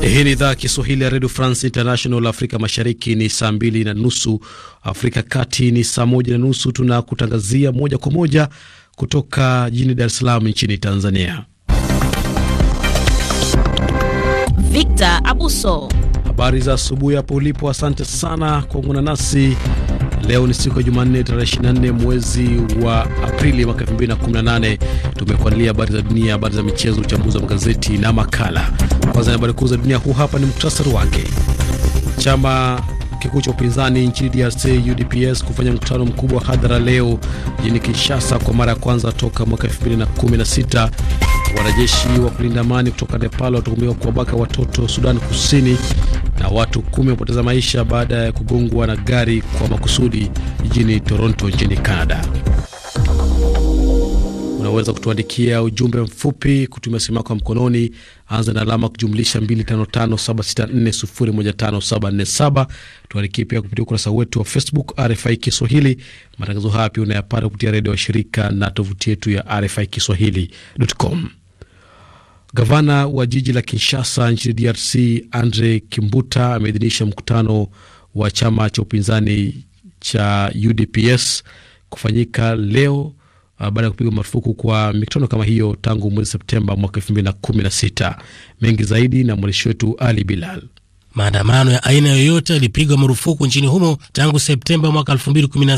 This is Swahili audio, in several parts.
Hii ni idhaa ya Kiswahili ya redio France International. Afrika mashariki ni saa mbili na nusu, Afrika kati ni saa moja na nusu. Tunakutangazia moja kwa moja kutoka jijini Dar es Salaam nchini Tanzania. Victor Abuso, habari za asubuhi hapo ulipo. Asante sana kwa kuungana nasi Leo ni siku ya Jumanne, tarehe 24 mwezi wa Aprili mwaka 2018. Tumekuandalia habari za dunia, habari za michezo, uchambuzi wa magazeti na makala. Kwanza ni habari kuu za dunia, huu hapa ni muktasari wake. Chama kikuu cha upinzani nchini DRC UDPS kufanya mkutano mkubwa wa hadhara leo jijini Kinshasa kwa mara ya kwanza toka mwaka 2016. Wanajeshi wa kulinda amani kutoka Nepal watuhumiwa kuwabaka watoto Sudan Kusini, na watu kumi wamepoteza maisha baada ya kugongwa na gari kwa makusudi jijini Toronto nchini Canada unaweza kutuandikia ujumbe mfupi kutumia simu yako ya mkononi, anza na alama kujumlisha 255764015747. Tuandikie pia kupitia ukurasa wetu wa Facebook RFI Kiswahili. Matangazo haya pia unayapata kupitia redio wa shirika na tovuti yetu ya RFI Kiswahili.com. Gavana wa jiji la Kinshasa nchini DRC Andre Kimbuta ameidhinisha mkutano wa chama cha upinzani cha UDPS kufanyika leo uh, baada ya kupigwa marufuku kwa mikutano kama hiyo tangu mwezi Septemba mwaka elfu mbili na kumi na sita. Mengi zaidi na mwandishi wetu Ali Bilal. Maandamano ya aina yoyote yalipigwa marufuku nchini humo tangu Septemba mwaka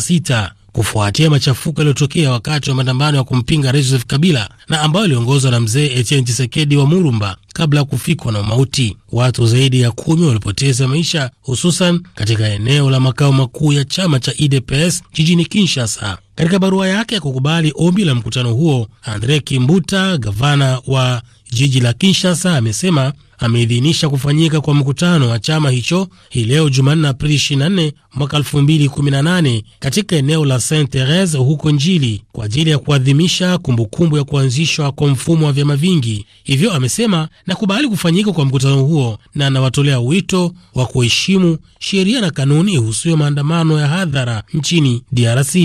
sita kufuatia machafuko yaliyotokea wakati wa maandamano ya kumpinga Rais Joseph Kabila na ambayo iliongozwa na mzee Etienne Tshisekedi wa Murumba kabla ya kufikwa na mauti. Watu zaidi ya kumi walipoteza maisha, hususan katika eneo la makao makuu ya chama cha UDPS jijini Kinshasa. Katika barua yake ya kukubali ombi la mkutano huo, Andre Kimbuta, gavana wa jiji la Kinshasa, amesema ameidhinisha kufanyika kwa mkutano wa chama hicho hii leo Jumanne, Aprili 24 mwaka 2018 katika eneo la Saint Therese huko Njili kwa ajili ya kuadhimisha kumbukumbu ya kuanzishwa kwa mfumo wa vyama vingi. Hivyo amesema nakubali kufanyika kwa mkutano huo na anawatolea wito wa kuheshimu sheria na kanuni ihusuyo maandamano ya hadhara nchini DRC.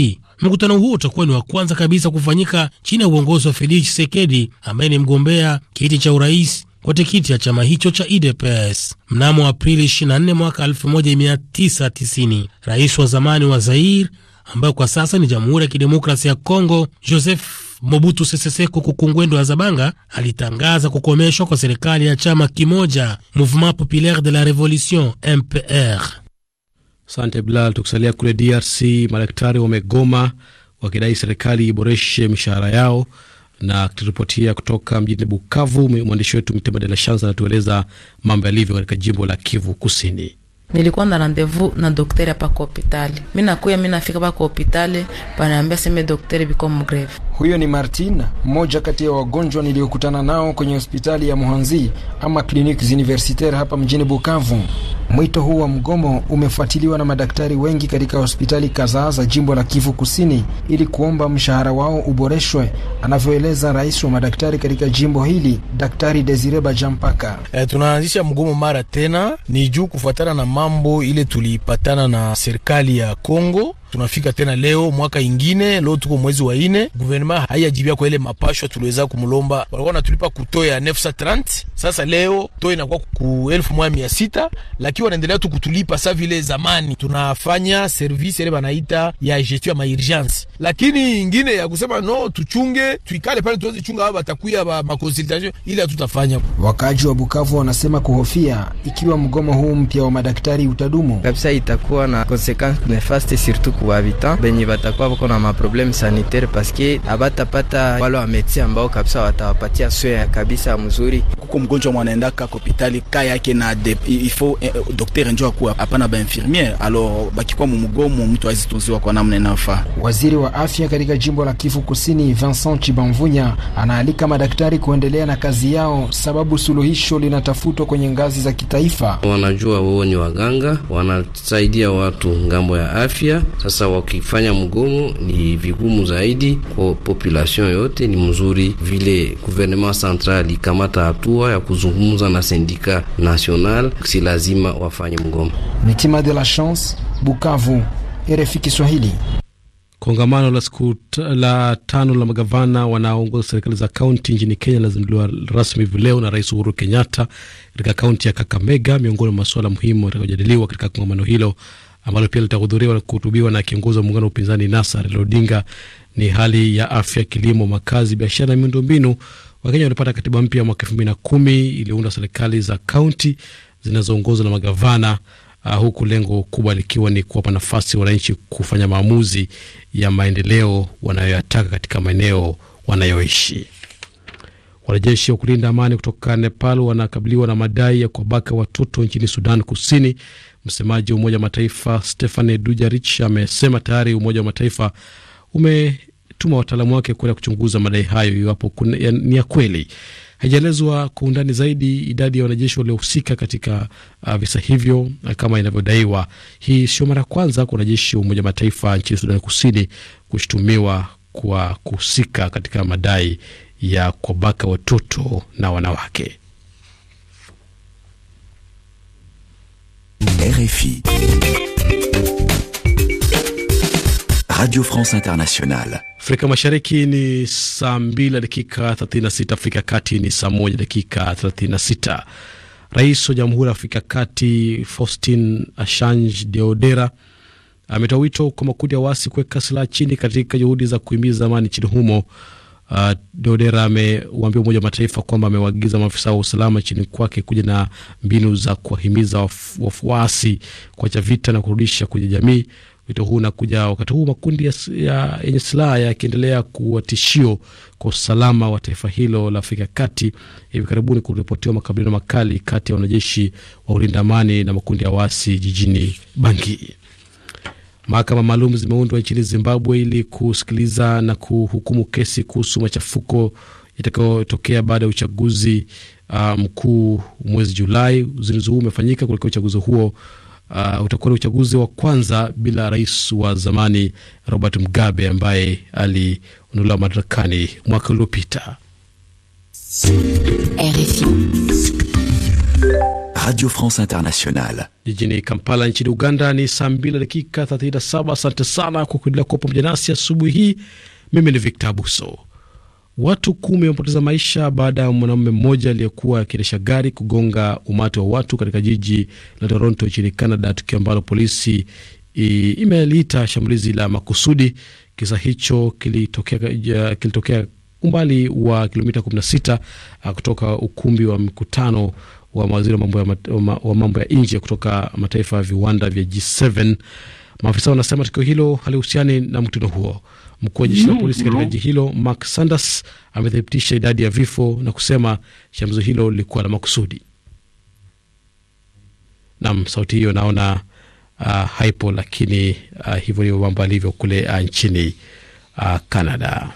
Mkutano huo utakuwa ni wa kwanza kabisa kufanyika chini ya uongozi wa Felix chisekedi ambaye ni mgombea kiti cha urais kwa tikiti ya chama hicho cha UDPS. Mnamo Aprili 24 mwaka 1990 rais wa zamani wa zair ambayo kwa sasa ni Jamhuri ya Kidemokrasia ya Kongo, Joseph Mobutu Sese Seko Kukungwendo wa Zabanga alitangaza kukomeshwa kwa serikali ya chama kimoja Mouvement Populaire de la Revolution MPR. Sante Bilal. Tukisalia kule DRC, madaktari wamegoma wakidai serikali iboreshe mishahara yao. Na tukiripotia kutoka mjini Bukavu, mwandishi wetu Mtema De La Chance anatueleza mambo yalivyo katika jimbo la Kivu Kusini. Nilikuwa na randevu na dokteri hapa kwa hopitali, mi nakuya, mi nafika hapa kwa hopitali, panaambia seme dokteri biko mgreve huyo ni Martin, mmoja kati ya wagonjwa niliyokutana nao kwenye hospitali ya Mhanzi ama Cliniques Universitaire hapa mjini Bukavu. Mwito huu wa mgomo umefuatiliwa na madaktari wengi katika hospitali kadhaa za jimbo la Kivu Kusini ili kuomba mshahara wao uboreshwe, anavyoeleza rais wa madaktari katika jimbo hili, Daktari Desire Bajampaka. E, tunaanzisha mgomo mara tena ni juu kufuatana na mambo ile tuliipatana na serikali ya Kongo tunafika tena leo mwaka ingine, leo tuko mwezi wa ine, guvernema haijajibia kwa ile mapashwa tuliweza kumlomba, walikuwa wanatulipa kutoya 930 sasa leo to inakuwa ku elfu moja mia sita lakini wanaendelea tu kutulipa sa vile zamani tunafanya service ile banaita ya gestion ya maurgence, lakini ingine ya kusema no, tuchunge tuikale pale tuweze chunga hapa takuya ba makonsultation ile hatutafanya. Wakaji wa Bukavu wanasema kuhofia ikiwa mgomo huu mpya wa madaktari utadumu kabisa, itakuwa na consequence nefaste surtout kwa habitant benye batakuwa bako na ma maprobleme sanitaire parce paske abatapata wale wa medecin ambao kabisa watawapatia soin kabisa mzuri Kukum mgonjwa mwanaendaka kopitali ka yake na ifo eh, eh, docteur njo akuwa hapana ba infirmiere alo bakikuwa mumugomo, mtu azitunziwa kwa namna inayofaa. Waziri wa afya katika jimbo la Kivu Kusini Vincent Chibamvunya anaalika madaktari kuendelea na kazi yao, sababu suluhisho linatafutwa kwenye ngazi za kitaifa. Wanajua wao ni waganga, wanasaidia watu ngambo ya afya. Sasa wakifanya mgomo ni vigumu zaidi kwa population yote. Ni mzuri vile gouvernement central ikamata hatua ya kuzungumza na sindika national, si lazima wafanye mgomo. Mitima de la Chance, Bukavu, RFI Kiswahili. Kongamano la siku la tano la magavana wanaoongoza serikali za kaunti nchini Kenya linazinduliwa rasmi hivi leo na Rais Uhuru Kenyatta katika kaunti ya Kakamega. Miongoni mwa masuala muhimu yatakayojadiliwa katika kongamano hilo ambalo pia litahudhuriwa na kuhutubiwa na kiongozi wa muungano wa upinzani NASA Raila Odinga ni hali ya afya, kilimo, makazi, biashara na miundombinu, Wakenya walipata katiba mpya mwaka elfu mbili na kumi iliyounda serikali za kaunti zinazoongozwa na magavana uh, huku lengo kubwa likiwa ni kuwapa nafasi wananchi kufanya maamuzi ya maendeleo wanayoyataka katika maeneo wanayoishi. Wanajeshi wa kulinda amani kutoka Nepal wanakabiliwa na madai ya kuwabaka watoto nchini Sudan Kusini. Msemaji wa Umoja wa Mataifa Stephane Dujarric amesema tayari Umoja wa Mataifa ume tuma wataalamu wake kwenda kuchunguza madai hayo iwapo ni ya kweli. Haijaelezwa kwa undani zaidi idadi ya wanajeshi waliohusika katika uh, visa hivyo uh, kama inavyodaiwa. Hii sio mara ya kwanza kwa wanajeshi wa Umoja wa Mataifa nchini Sudani Kusini kushutumiwa kwa kuhusika katika madai ya kuwabaka watoto na wanawake. RFI Radio France Internationale. Afrika Mashariki ni saa 2 dakika 36, Afrika Kati ni saa 1 dakika 36. Rais wa Jamhuri ya Afrika Kati Faustin Ashange deodera ametoa wito kwa makundi ya wasi kuweka silaha chini katika juhudi za kuhimiza amani nchini humo. Uh, Deodera ameuambia Umoja wa Mataifa kwamba amewaagiza maafisa wa usalama nchini kwake kuja na mbinu za kuwahimiza wafuasi kuacha vita na kurudisha kwenye jamii. Wito huu unakuja wakati huu makundi yenye ya, silaha yakiendelea kuwa tishio kwa usalama wa taifa hilo la Afrika kati. Hivi karibuni kuripotiwa makabiliano makali kati ya wanajeshi wa ulinda amani na makundi ya waasi jijini Bangi. Mahakama maalum zimeundwa nchini Zimbabwe ili kusikiliza na kuhukumu kesi kuhusu machafuko itakayotokea baada ya uchaguzi uh, mkuu mwezi Julai. Uzinduzi huu umefanyika kuelekea uchaguzi huo uh, utakuwa ni uchaguzi wa kwanza bila rais wa zamani Robert Mugabe ambaye aliondolewa madarakani mwaka uliopita. Radio France Internationale jijini Kampala nchini Uganda ni saa 2 dakika 37. Asante sana kwa kuendelea kuwa pamoja nasi asubuhi hii. Mimi ni Victor Abuso. Watu kumi wamepoteza maisha baada ya mwanamume mmoja aliyekuwa akiendesha gari kugonga umati wa watu katika jiji la Toronto nchini Canada, tukio ambalo polisi imeliita shambulizi la makusudi. Kisa hicho kilitokea, kilitokea umbali wa kilomita 16 ah, kutoka ukumbi wa mkutano wa mawaziri wa mambo ya, ma, wa mambo ya nje kutoka mataifa ya viwanda vya G7. Maafisa wanasema tukio hilo halihusiani na mkutano huo. Mkuu wa jeshi la polisi katika jiji hilo Mark Sanders amethibitisha idadi ya vifo na kusema shambulizo hilo lilikuwa la makusudi. Nam sauti hiyo naona uh, haipo, lakini uh, hivyo ndivyo mambo alivyo kule uh, nchini uh, Canada.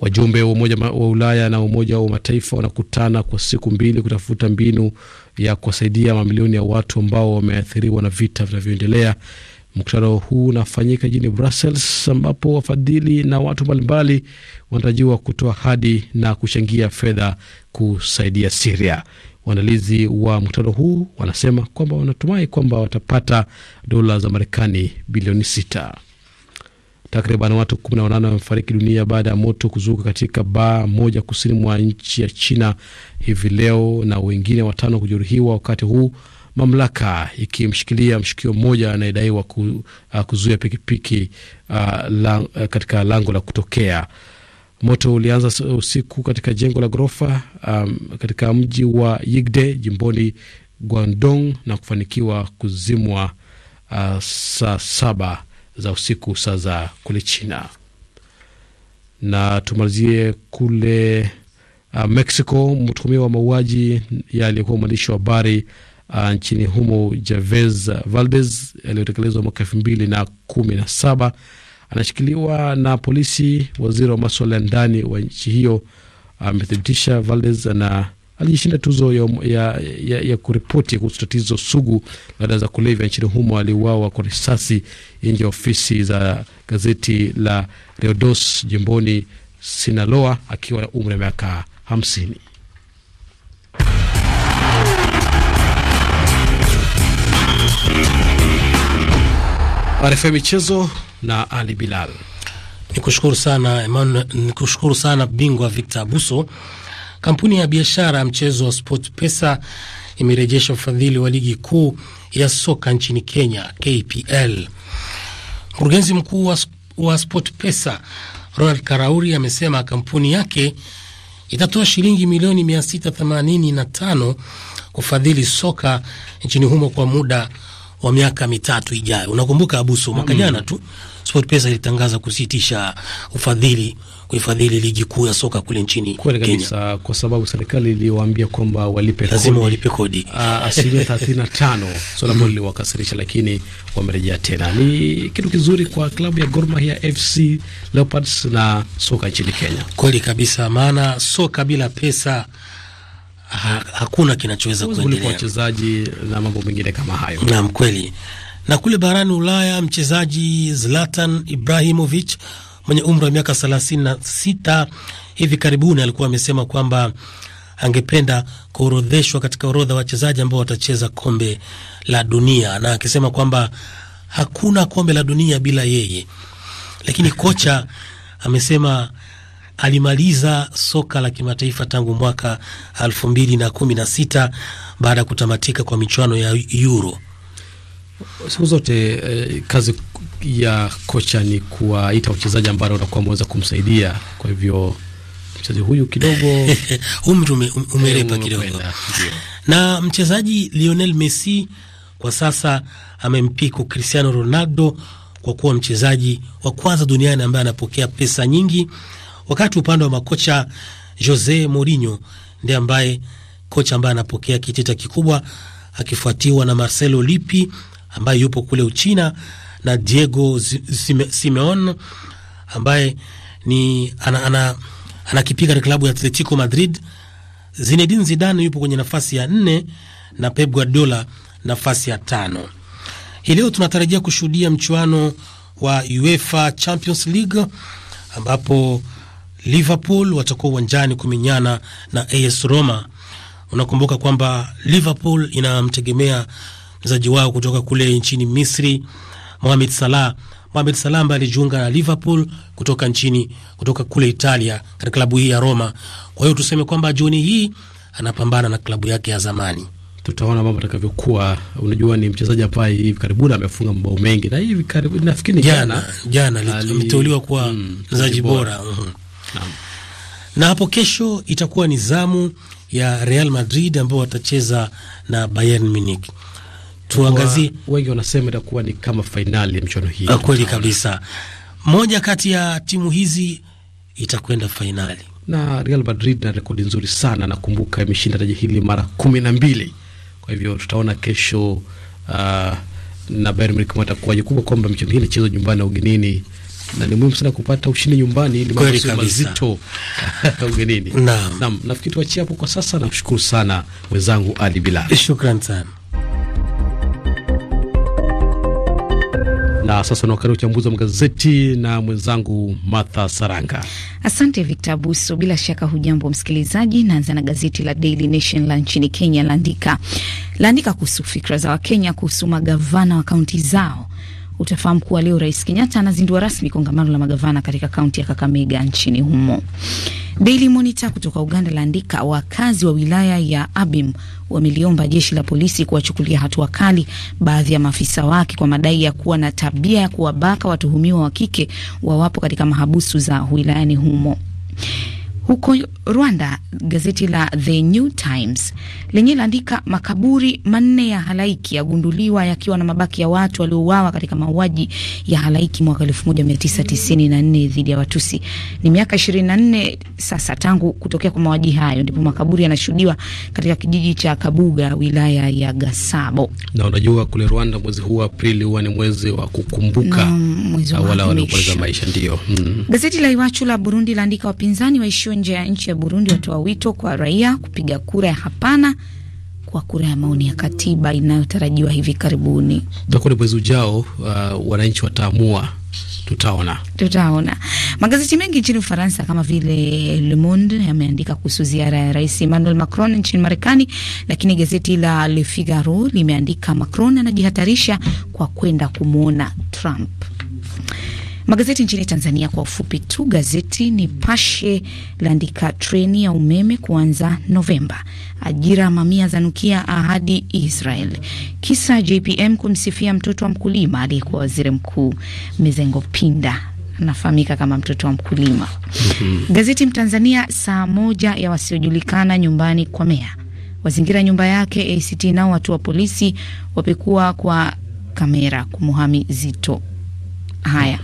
Wajumbe wa Umoja wa Ulaya na Umoja wa Mataifa wanakutana kwa siku mbili kutafuta mbinu ya kuwasaidia mamilioni ya watu ambao wameathiriwa na vita vinavyoendelea Mkutano huu unafanyika jijini Brussels, ambapo wafadhili na watu mbalimbali wanatarajiwa kutoa hadi na kuchangia fedha kusaidia Siria. Waandalizi wa mkutano huu wanasema kwamba wanatumai kwamba watapata dola za Marekani bilioni sita. Takriban watu 18 wamefariki dunia baada ya moto kuzuka katika baa moja kusini mwa nchi ya China hivi leo na wengine watano kujeruhiwa wakati huu mamlaka ikimshikilia mshikio mmoja anayedaiwa ku, uh, kuzuia pikipiki uh, lang, uh, katika lango la kutokea. Moto ulianza usiku katika jengo la ghorofa um, katika mji wa Yigde jimboni Guangdong na kufanikiwa kuzimwa uh, saa saba za usiku saa za kule China. Na tumalizie kule uh, Mexico. Mtuhumiwa wa mauaji aliyekuwa mwandishi wa habari uh, nchini humo Javez Valdes yaliyotekelezwa mwaka elfu mbili na kumi na saba anashikiliwa na polisi. Waziri wa maswala ya ndani wa nchi hiyo ah, amethibitisha uh, Valdes na alijishinda tuzo ya, ya, ya, ya kuripoti kuhusu tatizo sugu la dawa za kulevya nchini humo. Aliuawa kwa risasi nje ya ofisi za gazeti la Reodos jimboni Sinaloa akiwa na umri wa miaka hamsini. RFI Michezo na Ali Bilal. Nikushukuru sana Emmanuel, nikushukuru sana bingwa Victor Abuso. Kampuni ya biashara ya mchezo wa Sport Pesa imerejesha ufadhili wa ligi kuu ya soka nchini Kenya KPL. Mkurugenzi mkuu wa, wa Sport Pesa Ronald Karauri amesema kampuni yake itatoa shilingi milioni 685 kufadhili soka nchini humo kwa muda wa miaka mitatu ijayo. Unakumbuka Abuso, mwaka mm-hmm. jana tu SportPesa ilitangaza kusitisha ufadhili kuifadhili ligi kuu ya soka kule nchini kweli kabisa Kenya. Kwa sababu serikali iliwaambia kwamba walipe lazima walipe kodi ah, asilimia thelathini na tano swala ambalo liliwakasirisha, lakini wamerejea tena. Ni kitu kizuri kwa klabu ya Gor Mahia FC Leopards na soka nchini Kenya. Kweli kabisa, maana soka bila pesa ha, hakuna kinachoweza kuendelea wachezaji na mambo mengine kama hayo. Naam, kweli. Na kule barani Ulaya mchezaji Zlatan Ibrahimovic mwenye umri wa miaka 36 hivi karibuni alikuwa amesema kwamba angependa kuorodheshwa katika orodha wachezaji ambao watacheza kombe la dunia, na akisema kwamba hakuna kombe la dunia bila yeye, lakini kocha amesema alimaliza soka la kimataifa tangu mwaka elfu mbili na kumi na sita baada ya kutamatika kwa michuano ya Euro. Siku zote eh, kazi ya kocha ni kuwaita wachezaji ambao watakuwa wameweza kumsaidia. Kwa hivyo mchezaji huyu kidogo umri ume, umerepa kidogo. Na mchezaji Lionel Messi kwa sasa amempiku Cristiano Ronaldo kwa kuwa mchezaji wa kwanza duniani ambaye anapokea pesa nyingi wakati upande wa makocha Jose Mourinho ndiye ambaye kocha ambaye anapokea kitita kikubwa akifuatiwa na Marcelo Lippi ambaye yupo kule Uchina na Diego simeon Simeone ambaye ni anakipiga ana, ana, ana klabu ya Atletico Madrid. Zinedine Zidane yupo kwenye nafasi ya nne na Pep Guardiola nafasi ya tano. Hii leo tunatarajia kushuhudia mchuano wa UEFA Champions League ambapo Liverpool watakuwa uwanjani kumenyana na AS Roma. Unakumbuka kwamba Liverpool inamtegemea mchezaji wao kutoka kule nchini Misri, Mohamed Salah. Mohamed Salah ambaye alijiunga na Liverpool kutoka nchini kutoka kule Italia katika klabu hii ya Roma. Kwa hiyo tuseme kwamba jioni hii anapambana na klabu yake ya zamani. Tutaona mambo atakavyokuwa. Unajua, ni mchezaji ambaye hivi karibuni amefunga mabao mengi na hivi karibuni, nafikiri jana jana ameteuliwa kuwa mm, mchezaji bora, bora. Mhm na hapo kesho itakuwa ni zamu ya Real Madrid ambao watacheza na Bayern Munich. Tuangazie, wengi wanasema itakuwa ni kama fainali ya mchuano hii. Ah, kweli kabisa, moja kati ya timu hizi itakwenda fainali na Real Madrid na rekodi nzuri sana, nakumbuka imeshinda taji hili mara kumi na mbili. Kwa hivyo tutaona kesho uh, na Bayern Munich watakuwa kubwa kwamba mchezo hii inachezwa nyumbani na ugenini na ni muhimu sana kupata ushindi nyumbani, ni mambo mazito ugenini. Naam, naam, nafikiri tuachie hapo kwa sasa, na kushukuru sana mwenzangu Ali Bilal, shukran sana. Na sasa unaokana uchambuzi wa magazeti na mwenzangu Martha Saranga. Asante Victor buso Bila shaka hujambo msikilizaji. Naanza na gazeti la Daily Nation la nchini Kenya, laandika laandika kuhusu fikra za Wakenya kuhusu magavana wa kaunti zao Utafahamu kuwa leo Rais Kenyatta anazindua rasmi kongamano la magavana katika kaunti ya Kakamega nchini humo. Daily Monitor kutoka Uganda laandika wakazi wa wilaya ya Abim wameliomba jeshi la polisi kuwachukulia hatua kali baadhi ya maafisa wake kwa madai ya kuwa na tabia ya kuwabaka watuhumiwa wa kike wawapo katika mahabusu za wilayani humo. Huko Rwanda, gazeti la The New Times lenye laandika makaburi manne ya halaiki yagunduliwa yakiwa na mabaki ya watu waliouawa katika mauaji ya halaiki mwaka 1994 dhidi ya Watusi. Ni miaka 24 sasa tangu kutokea kwa mauaji hayo, ndipo makaburi yanashuhudiwa katika kijiji cha Kabuga, wilaya ya Gasabo. Na unajua kule Rwanda mwezi huu Aprili huwa ni mwezi wa kukumbuka wale waliopoteza maisha, ndio. Mm. Gazeti la Iwachu la Burundi laandika wapinzani waishio nje ya nchi ya Burundi watoa wito kwa raia kupiga kura ya hapana kwa kura ya maoni ya katiba inayotarajiwa hivi karibuni. Itakuwa ni mwezi ujao. Uh, wananchi wataamua. Tutaona, tutaona. Magazeti mengi nchini Ufaransa kama vile Le Monde yameandika kuhusu ziara ya Rais Emmanuel Macron nchini Marekani, lakini gazeti la Le Figaro limeandika Macron anajihatarisha kwa kwenda kumwona Trump. Magazeti nchini Tanzania kwa ufupi tu, gazeti Nipashe laandika treni ya umeme kuanza Novemba, ajira mamia za nukia ahadi Israel, kisa JPM kumsifia mtoto wa mkulima aliyekuwa waziri mkuu Mizengo Pinda anafahamika kama mtoto wa mkulima. Mhm. Gazeti Mtanzania, saa moja ya wasiojulikana nyumbani kwa meya wazingira nyumba yake ACT, nao watu wa polisi wapekua kwa kamera kumuhami Zito Haya,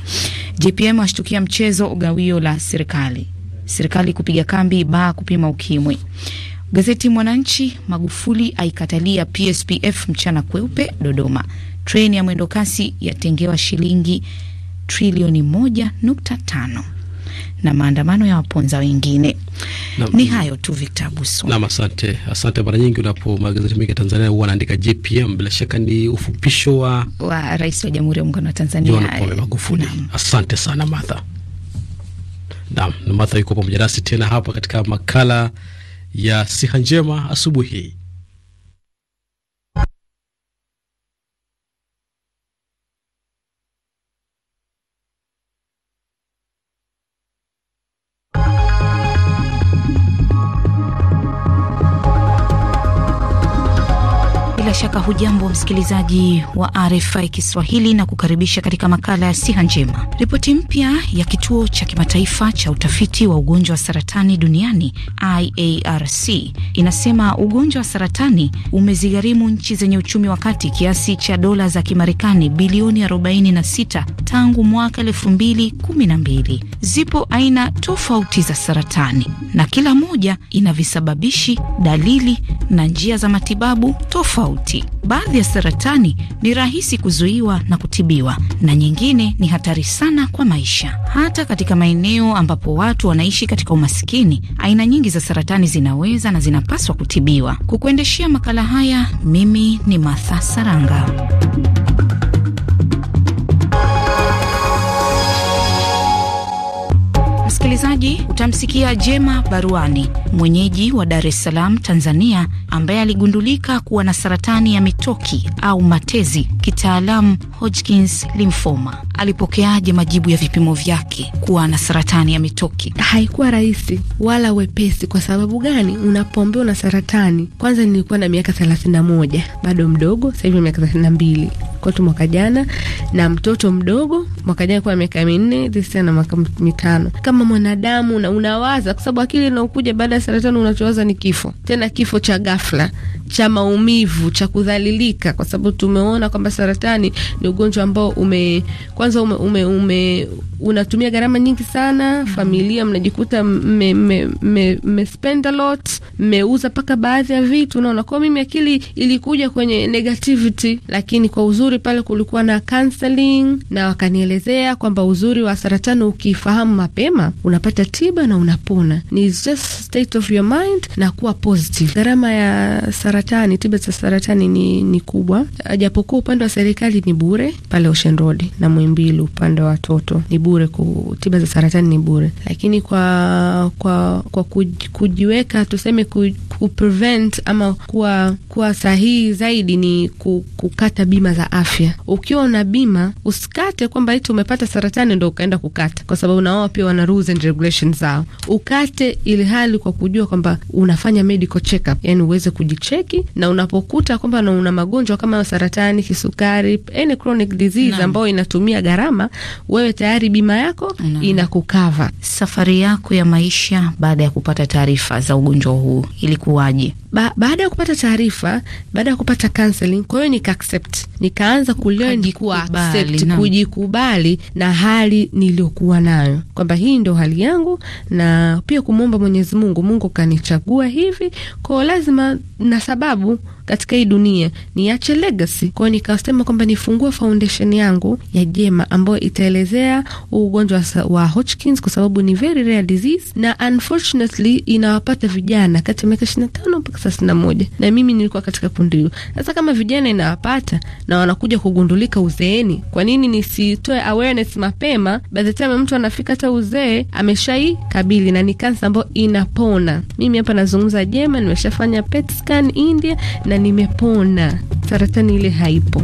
JPM ashtukia mchezo ugawio la serikali, serikali kupiga kambi baa kupima ukimwi. Gazeti Mwananchi, Magufuli aikatalia PSPF mchana kweupe Dodoma. Treni ya mwendokasi yatengewa shilingi trilioni moja nukta tano na maandamano ya waponza wengine. Ni hayo tu, Victor Abuso. Nam, asante, asante. Mara nyingi unapo magazeti mengi ya Tanzania huwa anaandika JPM, bila shaka ni ufupisho wa wa rais wa Jamhuri ya Muungano wa Tanzania John Pombe Magufuli. Asante sana Martha. Naam, Martha yuko pamoja nasi tena hapa katika makala ya siha njema asubuhi. shaka hujambo msikilizaji wa RFI Kiswahili na kukaribisha katika makala ya siha njema. Ripoti mpya ya kituo cha kimataifa cha utafiti wa ugonjwa wa saratani duniani IARC inasema ugonjwa wa saratani umezigharimu nchi zenye uchumi wa kati kiasi cha dola za Kimarekani bilioni 46 tangu mwaka 2012. Zipo aina tofauti za saratani na kila moja ina visababishi, dalili na njia za matibabu tofauti nyingi, baadhi ya saratani ni rahisi kuzuiwa na kutibiwa, na nyingine ni hatari sana kwa maisha. Hata katika maeneo ambapo watu wanaishi katika umasikini, aina nyingi za saratani zinaweza na zinapaswa kutibiwa. Kukuendeshea makala haya, mimi ni Matha Saranga. msikilizaji, utamsikia Jema Baruani, mwenyeji wa Dar es Salaam, Tanzania, ambaye aligundulika kuwa na saratani ya mitoki au matezi, kitaalamu Hodgkins lymphoma alipokeaje majibu ya vipimo vyake kuwa na saratani ya mitoki? Haikuwa rahisi wala wepesi. Kwa sababu gani? Unapoambiwa una saratani, kwanza nilikuwa na miaka thelathini na moja, bado mdogo. Sasa hivi miaka thelathini na mbili kwetu mwaka jana, na mtoto mdogo mwaka jana kwa miaka minne, na mwaka mitano. Kama mwanadamu una, unawaza kwa sababu akili inaokuja baada ya saratani, unachowaza ni kifo, tena kifo cha ghafla cha maumivu cha kudhalilika, kwa sababu tumeona kwamba saratani ni ugonjwa ambao ume kwa kwanza ume, ume, ume unatumia gharama nyingi sana mm -hmm. familia, mnajikuta mmespend a lot, mmeuza mpaka baadhi ya vitu. unaona. kwa mimi akili ilikuja kwenye negativity, lakini kwa uzuri pale kulikuwa na counseling na wakanielezea kwamba uzuri wa saratani ukifahamu mapema unapata tiba na unapona. Ni just state of your mind na kuwa positive. Gharama ya saratani, tiba za saratani ni, ni kubwa, japokuwa upande wa serikali ni bure pale Ocean Road na Muhimbili mbili upande wa watoto ni bure, tiba za saratani ni bure, lakini kwa kwa kwa kujiweka tuseme ku, ama kuwa kuwa sahihi zaidi ni ku, kukata bima za afya. Ukiwa una bima usikate kwamba eti umepata saratani ndo ukaenda kukata, kwa sababu na wao pia wana rules and regulations zao. Ukate ili hali kwa kujua kwamba unafanya medical check yani uweze kujicheki na unapokuta kwamba una magonjwa kama saratani, kisukari, any chronic disease ambayo inatumia gharama, wewe tayari bima yako inakukava. Safari yako ya maisha baada ya kupata taarifa za ugonjwa huu ilikuwaje? ba, baada ya kupata taarifa, baada ya kupata counseling, kwa hiyo nika accept, nikaanza kulearn nikuwa accept, kujikubali na hali niliyokuwa nayo kwamba hii ndio hali yangu, na pia kumwomba Mwenyezi Mungu, Mungu kanichagua hivi, kwa lazima na sababu katika hii dunia niache legacy. Kwa hiyo nikasema kwamba nifungue foundation yangu ya jema ambayo itaelezea ugonjwa wa Hodgkins kwa sababu ni very rare disease na unfortunately inawapata vijana kati ya miaka 25 mpaka sitini na moja na mimi nilikuwa katika kundi hilo. Sasa kama vijana inawapata na wanakuja kugundulika uzeeni, kwa nini nisitoe awareness mapema? By the time mtu anafika hata uzee ameshai kabili na ni kansa ambayo inapona. Mimi hapa nazungumza jema, nimeshafanya PET scan India na nimepona, saratani ile haipo.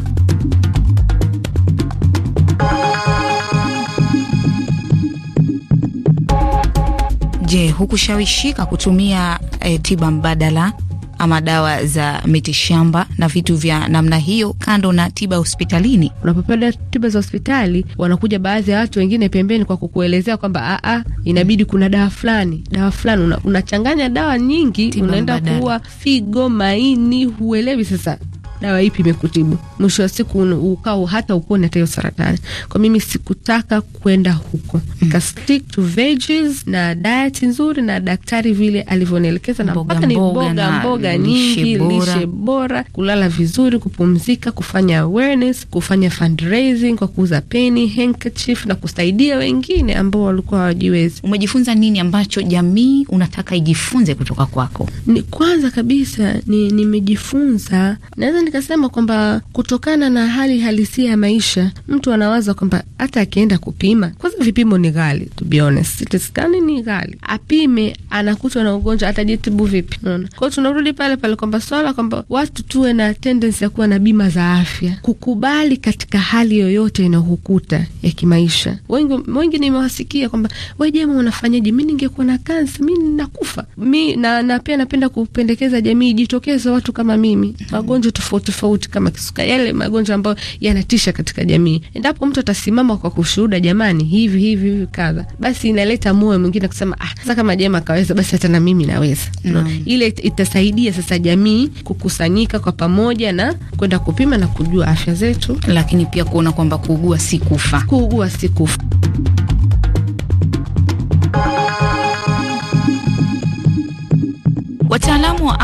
Je, hukushawishika kutumia e, tiba mbadala ama dawa za mitishamba na vitu vya namna hiyo, kando na tiba hospitalini? Unapopenda tiba za hospitali, wanakuja baadhi ya watu wengine pembeni kwa kukuelezea kwamba a, ah, ah, inabidi kuna dawa fulani, dawa fulani. Unachanganya una dawa nyingi, unaenda kuua figo, maini, huelewi sasa dawa ipi imekutibu. Mwisho wa siku ukao hata upone hata hiyo saratani. Kwa mimi sikutaka kwenda huko, nika stick to veggies na diet nzuri na daktari vile alivyonielekeza, na mpaka ni mboga mboga nyingi, lishe bora, kulala vizuri, kupumzika, kufanya awareness, kufanya fundraising kwa kuuza peni, handkerchief na kusaidia wengine ambao walikuwa hawajiwezi. Umejifunza nini ambacho jamii unataka ijifunze kutoka kwako? Ni kwanza kabisa ni nimejifunza naweza nikasema kwamba kutokana na hali halisi ya maisha, mtu anawaza kwamba hata akienda kupima, kwanza vipimo ni ghali, to be honest, CT scan ni ghali, apime anakutwa na ugonjwa, atajitibu vipi? Unaona, kwao tunarudi pale pale kwamba swala kwamba watu tuwe na tendensi ya kuwa na bima za afya, kukubali katika hali yoyote inayokukuta ya kimaisha. Wengi wengi nimewasikia kwamba we, jema, unafanyaje? Mi ningekuwa na kansa, mi nakufa mi na, na pia napenda kupendekeza jamii jitokeze, watu kama mimi, mm-hmm. magonjwa tofauti tofauti tofauti kama kisukari, yale magonjwa ambayo yanatisha katika jamii. Endapo mtu atasimama kwa kushuhuda, jamani, hivi hivi hivi kadha, basi inaleta moyo mwingine kusema, ah, sasa kama jema kaweza, basi hata na mimi naweza no. Ile itasaidia sasa jamii kukusanyika kwa pamoja na kwenda kupima na kujua afya zetu, lakini pia kuona kwamba kuugua si kufa, kuugua si kufa.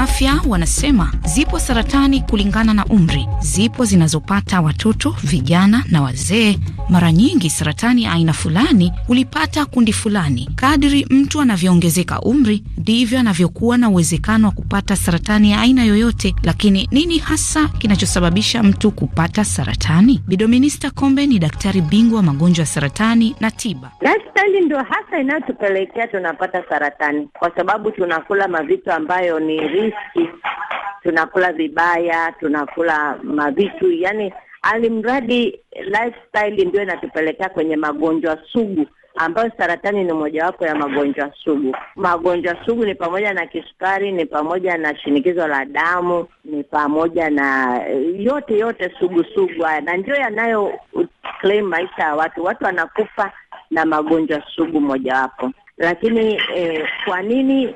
afya wanasema zipo saratani kulingana na umri, zipo zinazopata watoto, vijana na wazee, mara nyingi saratani ya aina fulani hulipata kundi fulani. Kadri mtu anavyoongezeka umri, ndivyo anavyokuwa na uwezekano wa kupata saratani ya aina yoyote. Lakini nini hasa kinachosababisha mtu kupata saratani? Bidominista Kombe ni daktari bingwa wa magonjwa ya saratani na tiba. Lifestyle ndio hasa inayotupelekea tunapata saratani, kwa sababu tunakula mavitu ambayo ni riski, tunakula vibaya, tunakula mavitu yani alimradi lifestyle ndio inatupelekea kwenye magonjwa sugu ambayo saratani ni mojawapo ya magonjwa sugu. Magonjwa sugu ni pamoja na kisukari, ni pamoja na shinikizo la damu, ni pamoja na eh, yote yote sugu sugu haya, na ndiyo yanayo claim maisha ya watu. Watu wanakufa na magonjwa sugu mojawapo. Lakini eh, kwa nini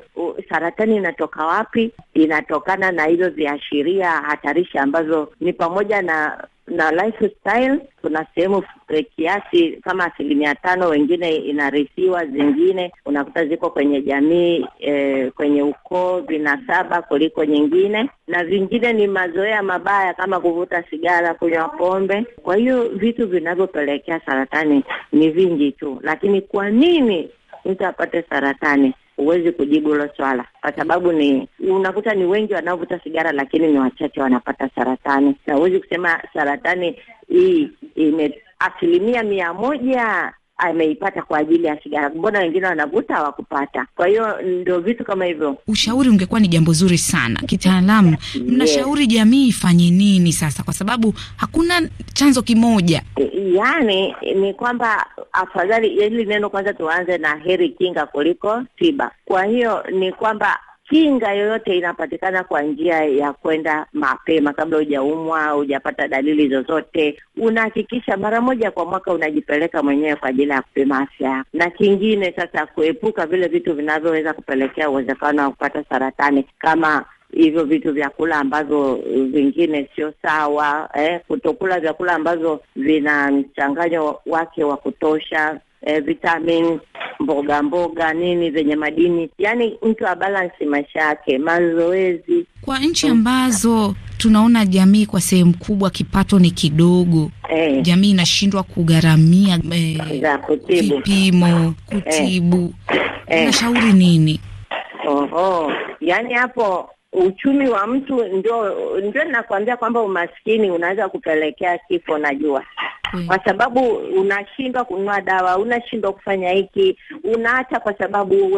saratani inatoka wapi? Inatokana na hizo viashiria hatarishi ambazo ni pamoja na na lifestyle kuna sehemu eh, kiasi kama asilimia tano, wengine inarithiwa, zingine unakuta ziko kwenye jamii e, kwenye ukoo vinasaba kuliko nyingine, na vingine ni mazoea mabaya kama kuvuta sigara, kunywa pombe. Kwa hiyo vitu vinavyopelekea saratani ni vingi tu, lakini kwa nini mtu apate saratani? huwezi kujibu hilo swala, kwa sababu ni unakuta ni wengi wanaovuta sigara, lakini ni wachache wanapata saratani, na huwezi kusema saratani hii ime asilimia mia moja ameipata kwa ajili ya sigara. Mbona wengine wanavuta hawakupata? Kwa hiyo ndio vitu kama hivyo. Ushauri ungekuwa ni jambo zuri sana kitaalamu. Mnashauri jamii ifanye nini sasa, kwa sababu hakuna chanzo kimoja? E, yani ni kwamba afadhali, hili neno kwanza tuanze na heri kinga kuliko tiba. Kwa hiyo ni kwamba kinga yoyote inapatikana kwa njia ya kwenda mapema, kabla hujaumwa, hujapata dalili zozote. Unahakikisha mara moja kwa mwaka unajipeleka mwenyewe kwa ajili ya kupima afya na kingine sasa, kuepuka vile vitu vinavyoweza kupelekea uwezekano wa kupata saratani kama hivyo vitu vyakula ambavyo vingine sio sawa eh, kutokula vyakula ambavyo vina mchanganyo wake wa kutosha, e, vitamini mboga mboga nini zenye madini, yani mtu abalansi maisha yake, mazoezi. Kwa nchi ambazo tunaona jamii kwa sehemu kubwa kipato ni kidogo eh, jamii inashindwa kugharamia eh, kutibu, vipimo eh. kutibu eh, unashauri nini? Oho, yani hapo uchumi wa mtu ndio ndio, nakwambia kwamba umaskini unaweza kupelekea kifo, najua Mm. kwa sababu unashindwa kununua dawa, unashindwa kufanya hiki, unaacha kwa sababu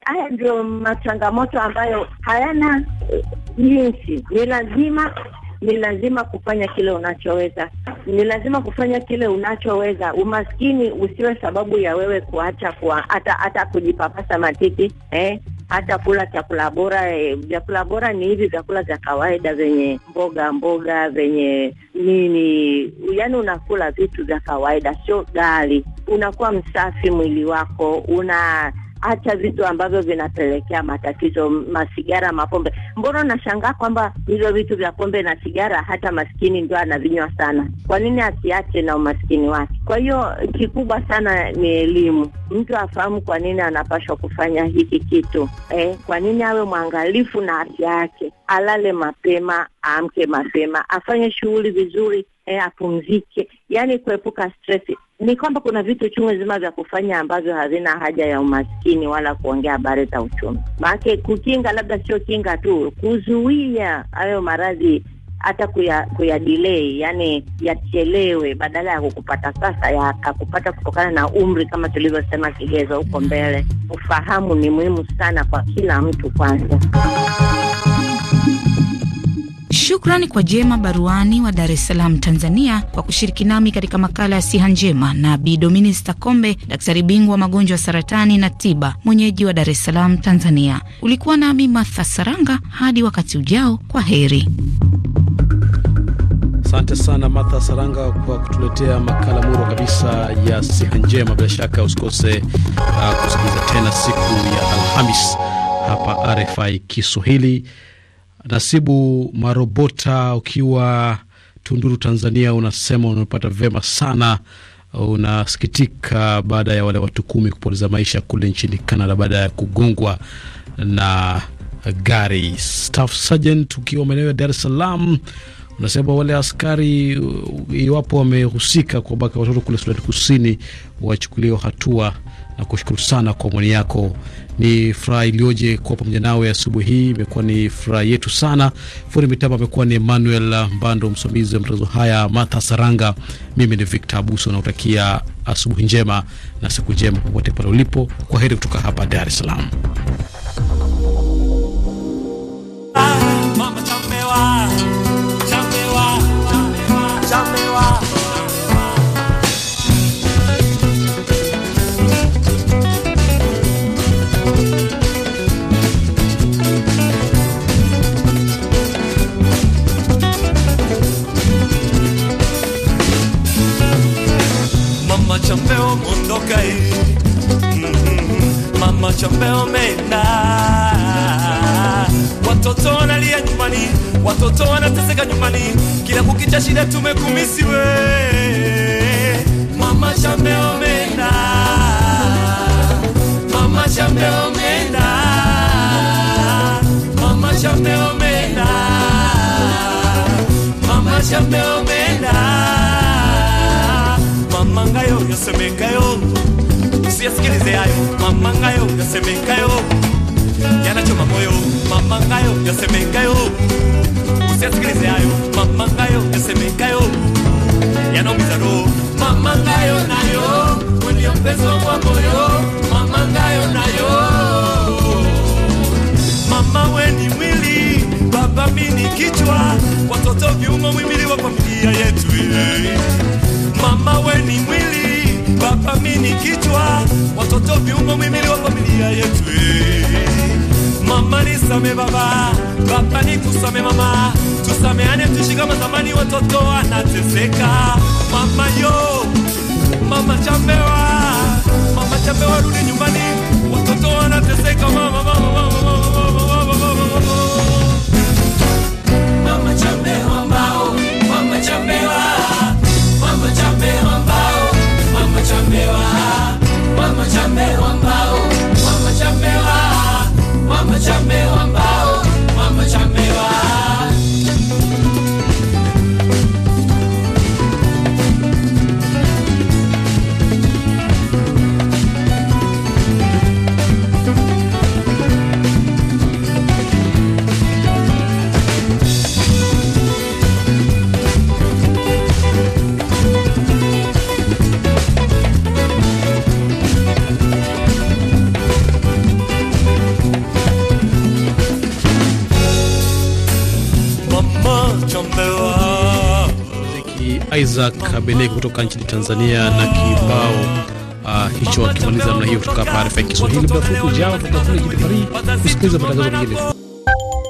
haya ndio machangamoto ambayo hayana eh, jinsi. Ni lazima ni lazima kufanya kile unachoweza, ni lazima kufanya kile unachoweza. Umaskini usiwe sababu ya wewe kuacha hata kujipapasa matiti eh? hata kula chakula bora e, vyakula bora ni hivi vyakula vya kawaida vyenye mboga mboga vyenye nini, yani unakula vitu vya kawaida, sio gari Unakuwa msafi mwili wako una hata vitu ambavyo vinapelekea matatizo, masigara, mapombe. Mbona unashangaa kwamba hivyo vitu vya pombe na sigara hata maskini ndio anavinywa sana? Kwa nini asiache na umaskini wake? Kwa hiyo kikubwa sana ni elimu, mtu afahamu kwa nini anapaswa kufanya hiki kitu eh, kwa nini awe mwangalifu na afya yake, alale mapema, aamke mapema, afanye shughuli vizuri eh, apumzike, yani kuepuka stress ni kwamba kuna vitu chungu zima vya kufanya ambavyo havina haja ya umaskini wala kuongea habari za uchumi. Maanake kukinga labda sio kinga tu, kuzuia hayo maradhi hata kuya, kuya delay yani yachelewe, badala ya kukupata sasa yakakupata kutokana na umri, kama tulivyosema kigezo huko mbele. Ufahamu ni muhimu sana kwa kila mtu kwanza. Shukrani kwa Jema Baruani wa Dar es Salaam, Tanzania, kwa kushiriki nami katika makala ya siha njema, na Bi Dominista Kombe, daktari bingwa wa magonjwa ya saratani na tiba, mwenyeji wa Dar es Salaam, Tanzania. Ulikuwa nami Martha Saranga, hadi wakati ujao, kwa heri. Asante sana Martha Saranga kwa kutuletea makala muro kabisa ya siha njema. Bila shaka usikose uh, kusikiliza tena siku ya Alhamis hapa RFI Kiswahili. Nasibu Marobota, ukiwa Tunduru, Tanzania, unasema unapata vema sana. Unasikitika baada ya wale watu kumi kupoteza maisha kule nchini Canada baada ya kugongwa na gari. Staff Sergeant, ukiwa maeneo ya Dar es Salaam, unasema wale askari uh, iwapo wamehusika baka watoto kule Sudani Kusini wachukuliwa hatua na kushukuru sana kwa maoni yako. Ni furaha iliyoje kuwa pamoja nawe asubuhi hii, imekuwa ni furaha yetu sana. Fundi mitambo amekuwa ni Emmanuel Mbando, msimamizi wa matangazo haya Martha Saranga. Mimi ni Victor Abuso, nakutakia asubuhi njema na siku njema popote pale ulipo. Kwa heri kutoka hapa Dar es Salaam. Ah, chambeo mondoka hii mm-hmm. mama chambeo mena watoto wanalia nyumbani watoto wanateseka nyumbani kila kukicha shida tumekumisiwe mama chambeo mena mama chambeo mena mama chambeo mena mama chambeo mena mama ngayo nasemekayo usiyasikilizeyayo mama ngayo yasemekayo yanachoma moyo mama yasemekayo usiyasikilizeyayo mama ngayo yasemekayo yanaumiza roho mama nayo mwendio mpenzi wa moyo mama nayo mama mwili baba mini kichwa watoto viumo mwimili wa familia yetu mama weni mwili Baba mini kichwa, watoto viungo, mimili wa familia yetu. Mama nisame baba, baba kusame mama, tusameane tuishi kama zamani, watoto wanateseka. Mama yo, mama chambewa, mama chambewa, rudi nyumbani, watoto wanateseka mama, mama, mama. Isaac Abeleki kutoka nchini Tanzania na kibao uh, hicho akimaliza namna hiyo kutoka hapa RFI Kiswahili. Muda mfupi ujao tutakutana jijini Paris kusikiliza matangazo mengine.